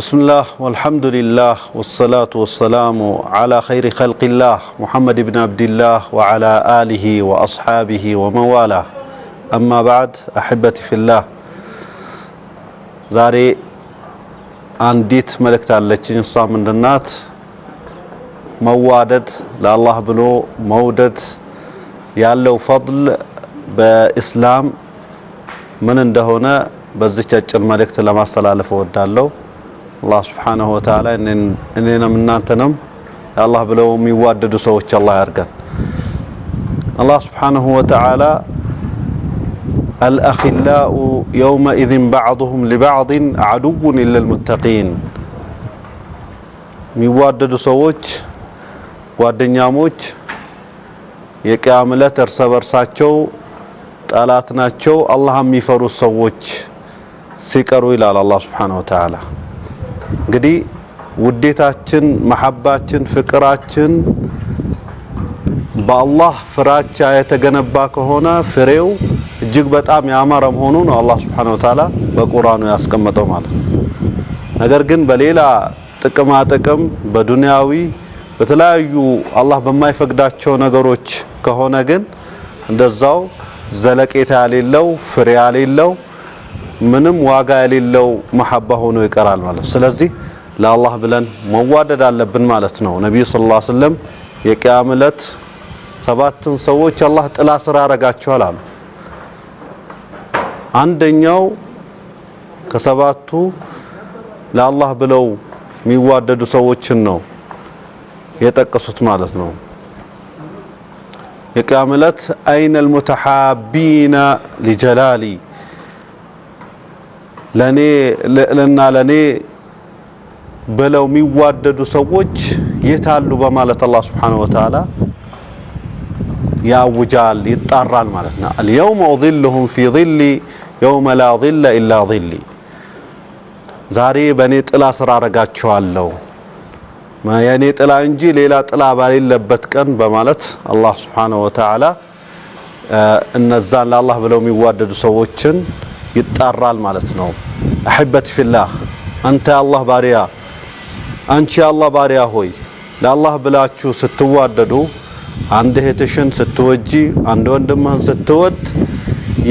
ብስምላህ ወልሐምዱሊላህ ወሰላቱ ወሰላሙ ዓላ ኸይሪ ኸልቂላህ ሙሐመድ ብን አብዲላህ ወዓላ አሊሂ ወአስሓቢሂ ወመንዋላ አማ በዕድ አሕበቲ ፊላህ ዛሬ አንዲት መልእክት አለችኝ። እሷ ምንድናት? መዋደድ ለአላህ ብሎ መውደድ ያለው ፈድል በኢስላም ምን እንደሆነ በዚች አጭር መልእክት ለማስተላለፍ እወዳለሁ። አላህ ስብሓነሁ ወተዓላ እኔንም እናንተንም ለአላህ ብለው የሚዋደዱ ሰዎች አላህ ያድርገን። አላህ ስብሓነሁ ወተዓላ አልአኺላኡ የውመኢዝን በዕዱሁም ሊበዕድን ዐዱውን ኢለል ሙተቂን የሚዋደዱ ሰዎች ጓደኛሞች የቅያም ዕለት እርሰ በርሳቸው ጠላት ናቸው፣ አላህ የሚፈሩ ሰዎች ሲቀሩ ይላል አላህ ስብሓነሁ ወተዓላ እንግዲህ ውዴታችን፣ መሐባችን፣ ፍቅራችን በአላህ ፍራቻ የተገነባ ከሆነ ፍሬው እጅግ በጣም ያማረ መሆኑ ነው አላህ ሱብሓነሁ ወተዓላ በቁርአኑ ያስቀመጠው ማለት ነው። ነገር ግን በሌላ ጥቅማ ጥቅም በዱንያዊ በተለያዩ አላህ በማይፈቅዳቸው ነገሮች ከሆነ ግን እንደዛው ዘለቄታ የሌለው ፍሬ የሌለው ምንም ዋጋ የሌለው መሐባ ሆኖ ይቀራል ማለት። ስለዚህ ለአላህ ብለን መዋደድ አለብን ማለት ነው። ነቢዩ ሰለላሁ ዐለይሂ ወሰለም የቅያም ዕለት ሰባትን ሰዎች አላህ ጥላ ስራ አረጋቸዋል አሉ። አንደኛው ከሰባቱ ለአላህ ብለው የሚዋደዱ ሰዎችን ነው የጠቀሱት ማለት ነው። የቅያም ዕለት አይነል ሙተሓቢና ሊጀላሊ ለኔ ለና ለኔ በለው የሚዋደዱ ሰዎች የታሉ በማለት አላህ Subhanahu Wa Ta'ala ያውጃል ይጣራል ማለት ነው። اليوم اظلهم في ظلي يوم لا ظل الا ظلي ዛሬ በኔ ጥላ ስራ አረጋቸዋለሁ የኔ ጥላ እንጂ ሌላ ጥላ ባሌለበት ቀን በማለት አላህ Subhanahu Wa Ta'ala እነዛን ለአላህ ብለው የሚዋደዱ ሰዎችን ይጣራል ማለት ነው። አሕበቲ ፊላህ አንተ የአላህ ባሪያ አንቺ አላህ ባሪያ ሆይ ለአላህ ብላችሁ ስትዋደዱ አንድ እህትሽን ስትወጂ አንድ ወንድምህን ስትወድ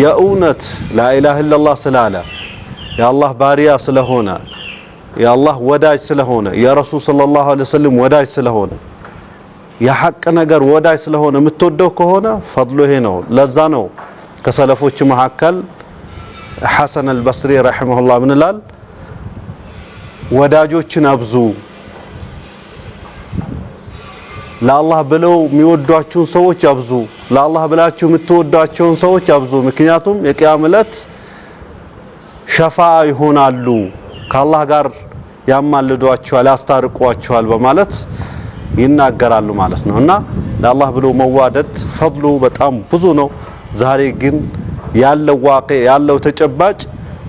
የእውነት ላኢላህ ኢለላህ ስላለ የአላህ ባሪያ ስለሆነ የአላህ ወዳጅ ስለሆነ የረሱል ሰለላሁ ዐለይሂ ወሰለም ወዳጅ ስለሆነ የሐቅ ነገር ወዳጅ ስለሆነ የምትወደው ከሆነ ፈድሉ ይሄ ነው። ለዛ ነው ከሰለፎች መካከል ሐሰን አልበስሪ ረሂመሁላህ ምን ይላል? ወዳጆችን አብዙ፣ ለአላህ ብለው የሚወዷቸውን ሰዎች አብዙ፣ ለአላህ ብላችሁ የምትወዷቸውን ሰዎች አብዙ። ምክንያቱም የቅያም ዕለት ሸፋ ይሆናሉ፣ ከአላህ ጋር ያማልዷቸዋል፣ ያስታርቋቸዋል በማለት ይናገራሉ ማለት ነው። እና ለአላህ ብሎ መዋደድ ፈድሉ በጣም ብዙ ነው። ዛሬ ግን ያለው ዋቄ ያለው ተጨባጭ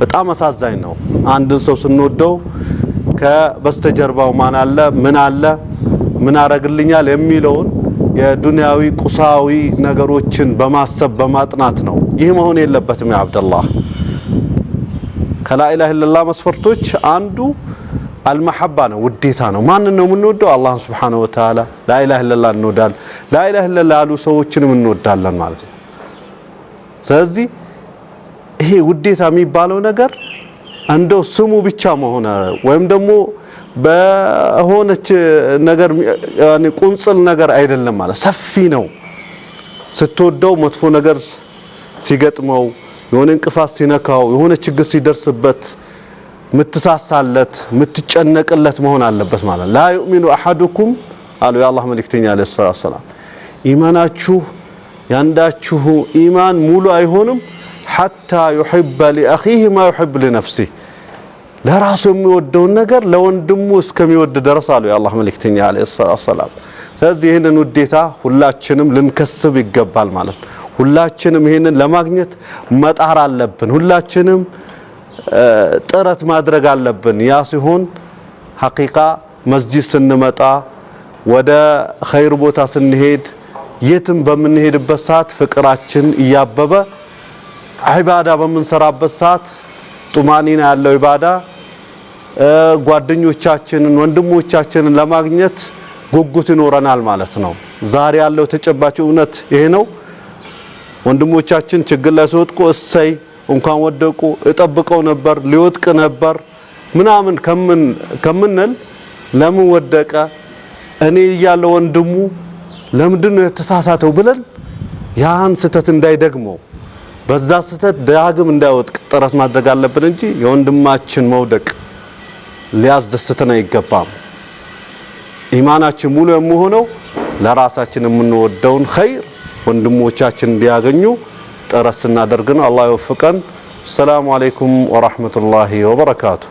በጣም አሳዛኝ ነው። አንድን ሰው ስንወደው ከበስተጀርባው ማን አለ፣ ምን አለ፣ ምን አረግልኛል የሚለውን የዱንያዊ ቁሳዊ ነገሮችን በማሰብ በማጥናት ነው። ይህ መሆን የለበትም። ያብደላህ አብደላህ ከላኢላህ ኢላላህ መስፈርቶች አንዱ አልመሐባ ነው፣ ውዴታ ነው። ማን ነው የምንወደው? አላህን ስብሓነሁ ወተዓላ። ላኢላህ ኢላላህ እንወዳለን። ላኢላህ ኢለላህ ያሉ ሰዎችንም እንወዳለን ማለት ነው። ስለዚህ ይሄ ውዴታ የሚባለው ነገር እንደው ስሙ ብቻ መሆነ ወይም ደግሞ በሆነች ነገር ያኔ ቁንጽል ነገር አይደለም ማለት ሰፊ ነው። ስትወደው መጥፎ ነገር ሲገጥመው፣ የሆነ እንቅፋት ሲነካው፣ የሆነ ችግር ሲደርስበት ምትሳሳለት ምትጨነቅለት መሆን አለበት ማለት ላ ዩእሚኑ አሐዱኩም አሉ የአላህ መልእክተኛ አለይሂ ሰላም ኢማናችሁ ያንዳችሁ ኢማን ሙሉ አይሆንም ሐታ ዩሕበ ሊአኺህ ማ ዩሕብ ሊነፍሲህ ለራሱ የሚወደውን ነገር ለወንድሙ እስከሚወድ ደረስ አሉ የአላህ መልእክተኛ ዓለይሂ ሰላም። ስለዚህ ይህንን ውዴታ ሁላችንም ልንከስብ ይገባል ማለት ነው። ሁላችንም ይህንን ለማግኘት መጣር አለብን። ሁላችንም ጥረት ማድረግ አለብን። ያ ሲሆን ሐቂቃ መስጂድ ስንመጣ፣ ወደ ኸይር ቦታ ስንሄድ የትም በምንሄድበት ሰዓት ፍቅራችን እያበበ አይባዳ በምንሰራበት ሰዓት ጡማኒና ያለው ኢባዳ ጓደኞቻችንን ወንድሞቻችንን ለማግኘት ጉጉት ይኖረናል ማለት ነው። ዛሬ ያለው ተጨባጭ እውነት ይሄ ነው። ወንድሞቻችን ችግር ላይ ሲወጥቁ እሰይ እንኳን ወደቁ እጠብቀው ነበር ሊወጥቅ ነበር ምናምን ከምን ከምንል ለምን ወደቀ እኔ እያለ ወንድሙ ለምንድን ነው የተሳሳተው ብለን ያን ስህተት እንዳይደግመው በዛ ስህተት ዳግም እንዳይወጥ ጥረት ማድረግ አለብን እንጂ የወንድማችን መውደቅ ሊያስደስተን አይገባም። ኢማናችን ሙሉ የሚሆነው ለራሳችን የምንወደውን ኸይር ወንድሞቻችን እንዲያገኙ ጥረት ስናደርግ ነው። አላህ ይወፍቀን። ሰላም አለይኩም ወራህመቱላሂ ወበረካቱ።